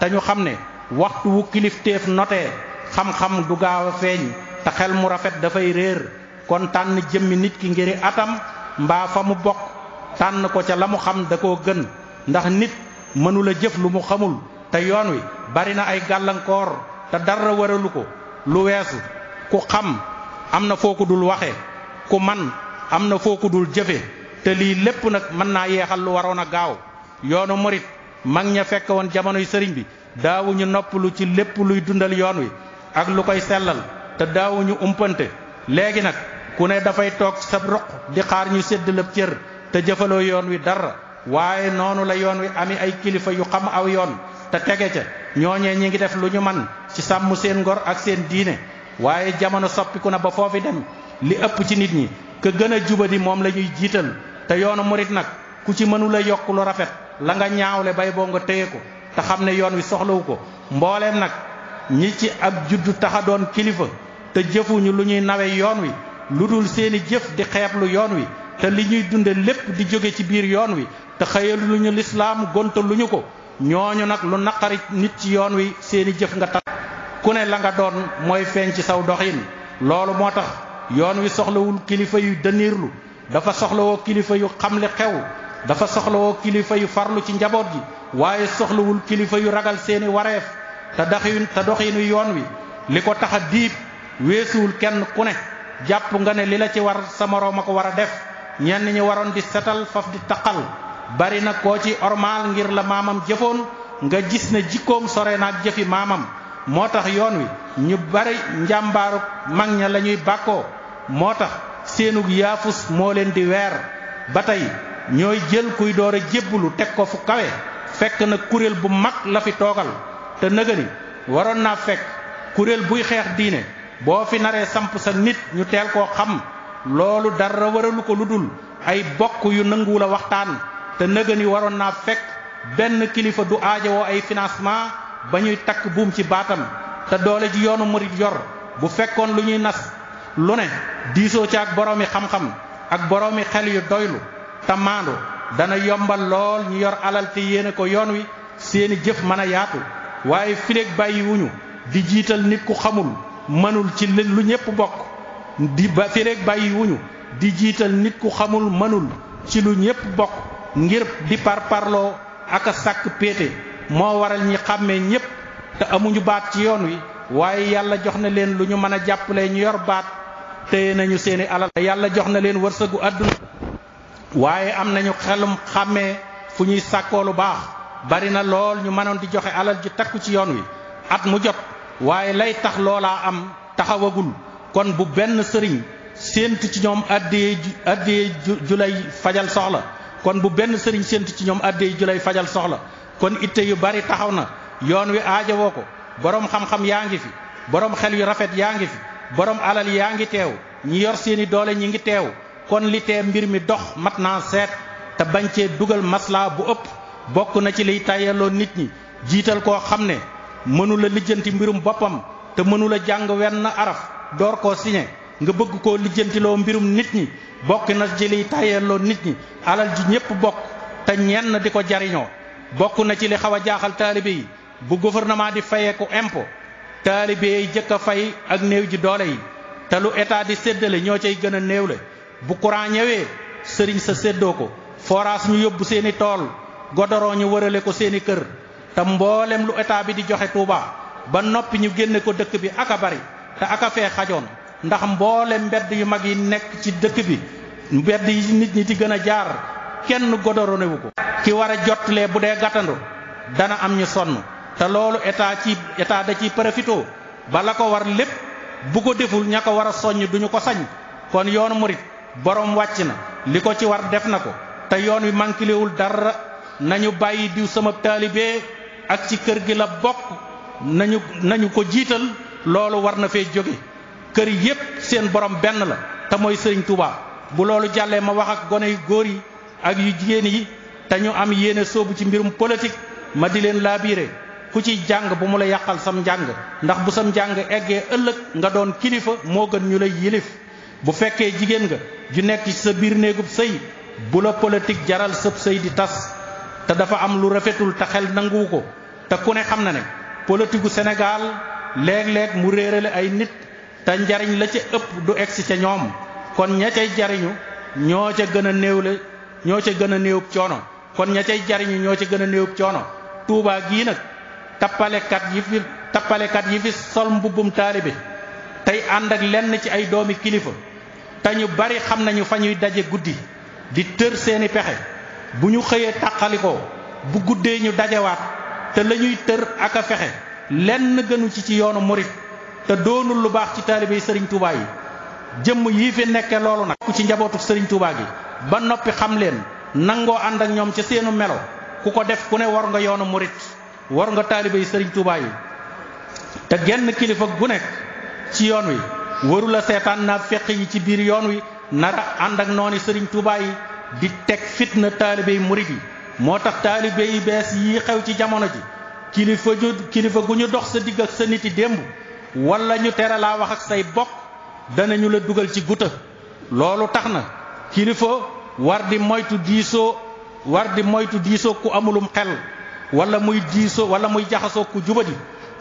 te ñu xam ne waxtu wu kilifteef notee xam-xam du gaaw a feeñ te xel mu rafet dafay réer kon tànn jëmmi nit ki ngiri atam mbaa fa mu bokk tànn ko ca lamu xam da koo gën ndax nit mënula jëf lu mu xamul te yoon wi bari na ay gàllankoor te dara waralu ko lu weesu ku xam am na foo ko dul waxe ku man am na foo ko dul jëfe te lii lépp nag mën naa yeexal lu waroon a gaaw yoonu murit mag ña fekk woon jamonoy sëriñ bi daawuñu noppalu ci lépp luy dundal yoon wi ak lu koy sellal te daawuñu umpante léegi nag ku ne dafay toog sab roq di xaar ñu séddalab cër te jëfaloo yoon wi dara waaye noonu la yoon wi ami ay kilifa yu xam aw yoon te tege ca ñooñee ñi ngi def lu ñu man ci sàmm seen ngor ak seen diine waaye jamono soppiku na ba foofi dem li ëpp ci nit ñi ka gën a jubadi moom la ñuy jiital te yoonu murit nag ku ci mënula yokk lu rafet la nga ñaawle bay boo nga téye ko te xam ne yoon wi soxlawu ko mbooleem nag ñi ci ab juddu taxa doon kilifa te jëfuñu lu ñuy nawe yoon wi lu dul seeni jëf di xeeblu yoon wi te li ñuy dunde lépp di jóge ci biir yoon wi te xëyalu lu ñu lislaam gonta lu ñu ko ñooñu nag lu naqari nit ci yoon wi seeni jëf nga tax ku ne la nga doon mooy feeñ ci saw doxin loolu moo tax yoon wi soxlawul kilifa yu dëniirlu dafa soxlawoo kilifa yu xam li xew dafa soxlawoo kilifa yu farlu ci njaboot gi waaye soxlawul kilifa yu ragal seeni wareef te doxin te doxinu yoon wi li ko tax a diib weesuwul kenn ku ne jàpp nga ne li la ci war sa moroom a ko war a def ñenn ñi waroon di setal faf di taqal bari na koo ci ormaal ngir la maamam jëfoon nga gis ne jikkoom sore na ak jëfi maamam moo tax yoon wi ñu bari njàmbaaru mag ña la ñuy bàkkoo moo tax seenug yaafus moo leen di weer ba tey ñooy jël kuy door a jébbulu teg ko fu kawe fekk na kuréel bu mag la fi toogal te nëgëni waroon naa fekk kuréel buy xeex diine boo fi naree samp sa nit ñu teel koo xam loolu dara waralu ko lu dul ay bokk yu nanguwul a waxtaan te nëgëni waroon naa fekk benn kilifa du aajowoo ay financement ba ñuy takk buum ci baatam te doole ji yoonu murid yor bu fekkoon lu ñuy nas lu ne diisoo ci ak boroomi xam-xam ak boroomi xel yu doylu te dana yombal lool ñu yor alal te yéene ko yoon wi seeni jëf mën a yaatu waaye fileeg bàyyiwuñu di jiital nit ku xamul mënul ci lu ñépp bokk di ba bàyyiwuñu di jiital nit ku xamul mënul ci lu bokk ngir di parparloo ak a sàkk péete moo waral ñi xàmmee ñépp te amuñu baat ci yoon wi waaye yàlla jox na leen lu ñu mën a jàppalee ñu yor baat téye nañu seeni alal yàlla jox na leen wërsëgu àdduna waaye am nañu xelum xàmmee fu ñuy sàkkoo lu baax bari na lool ñu mënoon di joxe alal ji takku ci yoon wi at mu jot waaye lay tax loolaa am taxawagul kon bu benn sëriñ séentu ci ñoom addee addee ju lay fajal soxla kon bu benn sëriñ séentu ci ñoom addee ju lay fajal soxla kon itte yu bari taxaw na yoon wi aajawoo ko boroom xam-xam yaa ngi fi boroom xel yu rafet yaa ngi fi boroom alal yaa ngi teew ñi yor seeni doole ñi ngi teew kon li tee mbir mi dox mat naa seet te bañ cee dugal maslaa bu ëpp bokk na ci liy tayeloo nit ñi jiital koo xam ne mënula lijjanti mbirum boppam te mënula jàng wenn araf door koo siñe nga bëgg koo lijjantiloo mbirum nit ñi bokk na ci liy tayeloo nit ñi alal ji ñépp bokk te ñenn di ko jariñoo bokk na ci li xaw a jaaxal taalibe yi bu gouvernement di fayeeku impôt taalibe yi jëkk a fay ak néew ji doole yi te lu état di séddale ñoo cay gën a néewle bu courant sering sëriñ sa séddoo ko forage ñu yóbbu seeni tool ker. ñu wërale ko seeni kër te mboolem lu état bi di joxe Touba ba noppi ñu génne ko dëkk bi aka bari te aka fee xajoon ndax mboolem mbedd yu mag yi nekk ci dëkk bi mbedd yi nit ñi di gën a jaar kenn godoronewu ko ki war a bu dee gàttandu dana am ñu sonn te loolu état ci état da ciy profito ba la ko war lépp bu ko deful duñu ko sañ kon yoonu murit borom wàcc na li ko ci war def na ko te yoon wi mankilewul dara nañu bàyyi diw sama taalibe ak ci kër gi la bokk nañu ko jiital loolu war na fee jóge kër yépp seen borom benn la te mooy sëriñ Touba bu loolu jàllee ma wax ak gone yu góor yi ak yu jigéen yi te ñu am yéene soobu ci mbirum politique ma di leen laabiire ku ci jàng bu mu la yàqal sam njàng ndax bu sam njàng eggee ëllëg nga doon kilifa moo gën ñu lay yilif bu fekkee jigéen nga ju nekk ci sa biir néegub sëy bu la politique jaral sëb sëy di tas te dafa am lu rafetul te xel nanguwu ko te ku ne xam na ne politique senegaal Sénégal léeg mu réerale ay nit te njariñ la ci ëpp du egsi ca ñoom kon ña cay jariñu ñoo ca gën a néewle ñoo ca gën a néewub coono kon ña cay jariñu ñoo ca gën a néewub coono Touba gii nag tappalekat yi fi tappalekat yi fi sol mbubbum taalibe tey ànd ak lenn ci ay doomi kilifa te ñu bari xam nañu fa ñuy daje guddi di tër seeni pexe bu ñu xëyee tàqalikoo bu guddee ñu dajewaat te lañuy tër ak a fexe lenn gënu ci ci yoonu murit te doonul lu baax ci taalibey sëriñ Touba yi jëmm yii fi nekke loolu nag ku ci njabootu sëriñ Touba gi ba noppi xam leen nangoo ànd ak ñoom ca seenu melo ku ko def ku ne war nga yoonu murit war nga taalibey sëriñ Touba yi te genn kilifa gu nekk ci yoon wi warula seetaan naa feq yi ci biir yoon wi nara ànd ak nooni sëriñ Tuubaa di teg fitna taalibe yi murit moo tax taalibe yi bees yi xew ci jamono ji kilifa ju kilifa gu ñu dox sa digg ak sa nit yi démb walla ñu tere laa wax ak say bokk danañu la dugal ci guta loolu tax na kilifa war di moytu diisoo war di moytu diisoo ku amulum xel wala muy diisoo wala muy jaxasoo ku di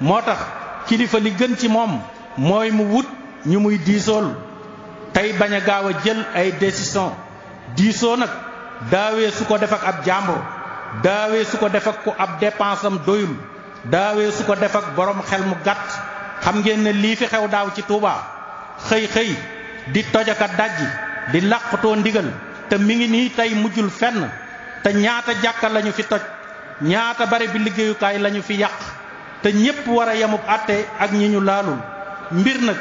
moo tax kilifa li gën ci moom mooy mu wut ñu muy diisool tey bañ a gaaw a jël ay décision diisoo nag daawee su ko def ak ab jàmbur daawee su ko def ak ku ab dépense am doyul daawee su ko def ak borom xel mu gàtt xam ngeen ne lii fi xew daaw ci Touba xëy xëy di tojaka dajji di làqatoo ndigal te mi ngi nii tey mujjul fenn te ñaata jàkka lañu fi toj ñaata bare bi liggéeyukaay lañu fi yàq te ñépp war a yemub àtte ak ñi ñu laalul mbir nag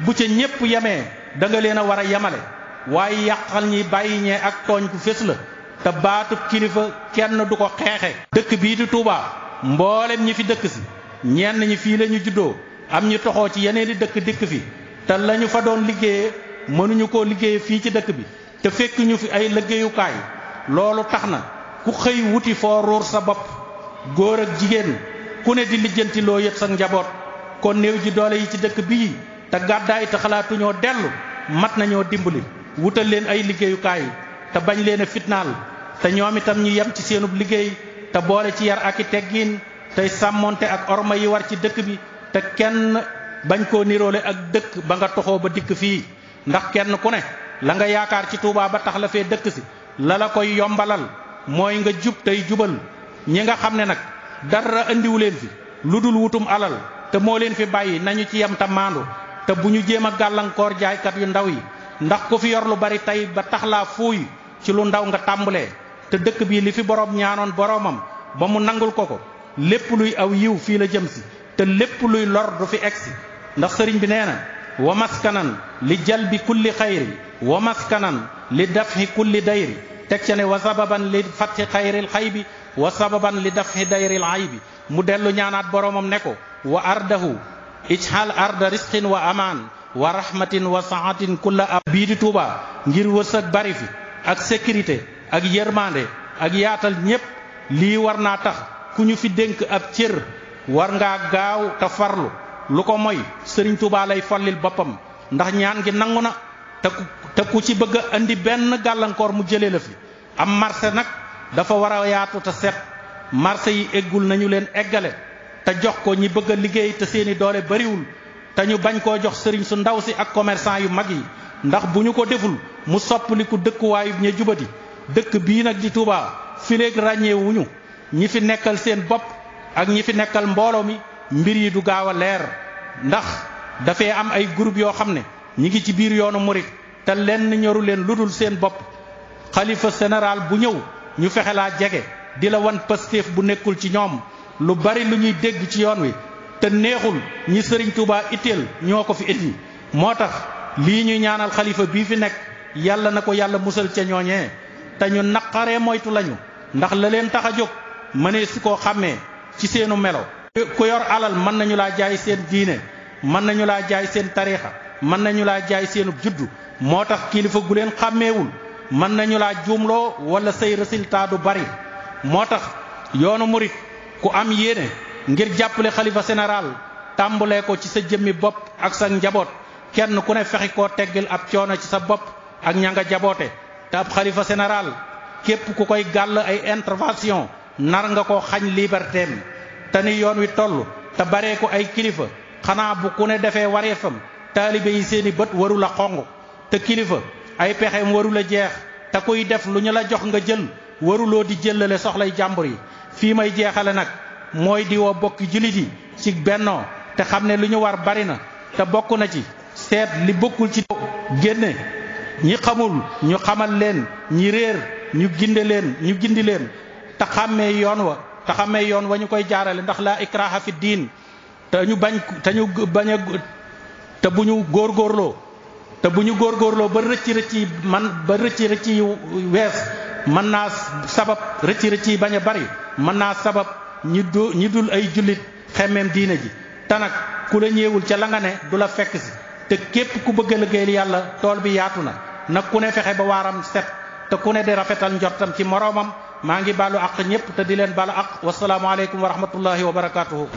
bu ca ñépp yemee da nga leen a war a yemale waaye yàqal ñi bàyyi ñee ak tooñ ku fés la te baatu kilifa kenn du ko xeexe dëkk bii di tuuba mboolem ñi fi dëkk si ñenn ñi fii lañu ñu juddoo am ñu toxoo ci yeneen di dëkk dikk fi te lañu fa doon liggéeye mënuñu ko liggéeye fii ci dëkk bi te fekkuñu fi ay liggéeyukaay loolu tax na ku xëy wuti foo ruur sa bopp góor ak jigéen ku ne di lijjanti loo yët sa njaboot kon néew ji doole yi ci dëkk bii te gàddaay te xalaatuñoo dellu mat nañoo dimbali wutal leen ay liggéeyukaay te bañ leen a fitnaal te ñoom itam ñu yem ci seenub liggéey te boole ci yar ak i teggiin tey sàmmoonte ak orma yi war ci dëkk bi te kenn bañ koo niroole ak dëkk ba nga toxoo ba dikk fii ndax kenn ku ne la nga yaakaar ci Tuubaa ba tax la fee dëkk si la la koy yombalal mooy nga jub tey jubal ñi nga xam ne nag dara indiwu leen fi lu dul wutum alal te moo leen fi bàyyi nañu ci yem te te bu ñu jéem a gàllankoor jaaykat yu ndaw yi ndax ku fi yor lu bari tey ba tax laa fuuy ci lu ndaw nga tàmbulee te dëkk bii li fi boroom ñaanoon boroomam ba mu nangul ko ko lépp luy aw yiw fii la jëm si te lépp luy lor du fi egsi ndax sëriñ bi nee na wa maskanan li jal bi kulli xayri wa maskanan li dafxi kulli dayri teg ca ne wa sababan li fatti xayril xaybi wa sababan li dafxi dayril bi mu dellu ñaanaat boroomam ne ko wa ardahu ijhal arda risqin wa amaan wa rahmatin wa saatin kulla ab bii di Touba ngir wërsëg bari fi ak sécurité ak yërmande ak yaatal ñépp lii war naa tax ku ñu fi dénk ab cër war ngaa gaaw te farlu lu ko moy sëriñ Touba lay follil boppam ndax ñaan gi nangu na te ku ci bëgg indi benn gàllankoor mu jëlee la fi am marché nag dafa war yaatu te set marché yi eggul nañu leen eggale te jox ko ñi bëgg a liggéey te seeni doole bariwul te ñu bañ koo jox sëriñ su ndaw si ak commerçant yu mag yi ndax bu ñu ko deful mu soppaliku dëkkuwaayu ña di dëkk bii nag di Touba fileeg ràññeewuñu ñi fi nekkal seen bopp ak ñi fi nekkal mbooloo mi mbir yi du gaaw a leer ndax dafay am ay groupe yoo xam ne ñi ngi ci biir yoonu murit te lenn ñoru leen lu dul seen bopp xalifa général bu ñëw ñu fexe laa jege di la wan pastéef bu nekkul ci ñoom lu bari lu ñuy dégg ci yoon wi te neexul ñi sëriñ Touba itteel ñoo ko fi indi moo tax lii ñuy ñaanal xalifa bii fi nekk yàlla na ko yàlla musal ca ñooñee te ñu naqaree moytu lañu ndax la leen tax a jóg mënee su koo xàmmee ci seenu melo ku yor alal mën nañu laa jaay seen diine mën nañu laa jaay seen tariixa mën nañu laa jaay seenu juddu moo tax kilifa gu leen xàmmeewul mën nañu laa juumloo wala say résultat du bari moo tax yoonu murit ku am yéene ngir jàppale xalifa général tàmbulee ko ci sa jëmmi bopp ak sa njaboot kenn ku ne fexe koo teggil ab coono ci sa bopp ak ña nga jaboote te ab xalifa général képp ku koy gàll ay intervention nar nga koo xañ libertéem te ni yoon wi toll te baree ko ay kilifa xanaa bu ku ne defee wareefam taalibe yi seeni bët waru la xong te kilifa ay pexeem waru la jeex te kuy def lu ñu la jox nga jël waruloo di jëlale soxlay jàmbur yi fii may jeexale nag mooy diwoo woo bokki jullit ci bennoo te xam ne li ñu war bari na te bokk na ci seet li bokkul ci génne ñi xamul ñu xamal leen ñi réer ñu ginde leen ñu gindi leen te xàmmee yoon wa te yoon wa ñu koy jaarale ndax laa ikraha fi diin te ñu bañ te ñu bañ a te bu ñu góor góorloo te bu ñu góorgóorloo ba rëcc rëcc yi man ba rëcc rëcc yi wees mën naa sabab rëcci rëcc yi bañ a bari mën naa sabab ñi du ñi dul ay jullit xemmeem diine ji te ku la ñeewul ca la nga ne du la fekk si te képp ku bëgg a liggéeyal yàlla tool bi yaatu na nag ku ne fexe ba waaram set te ku ne di rafetal njortam ci moroomam maa ngi baalu àq ñëpp te di leen baalu àq wasalaamualeykum wa rahmatullahi wa barakaatuhu.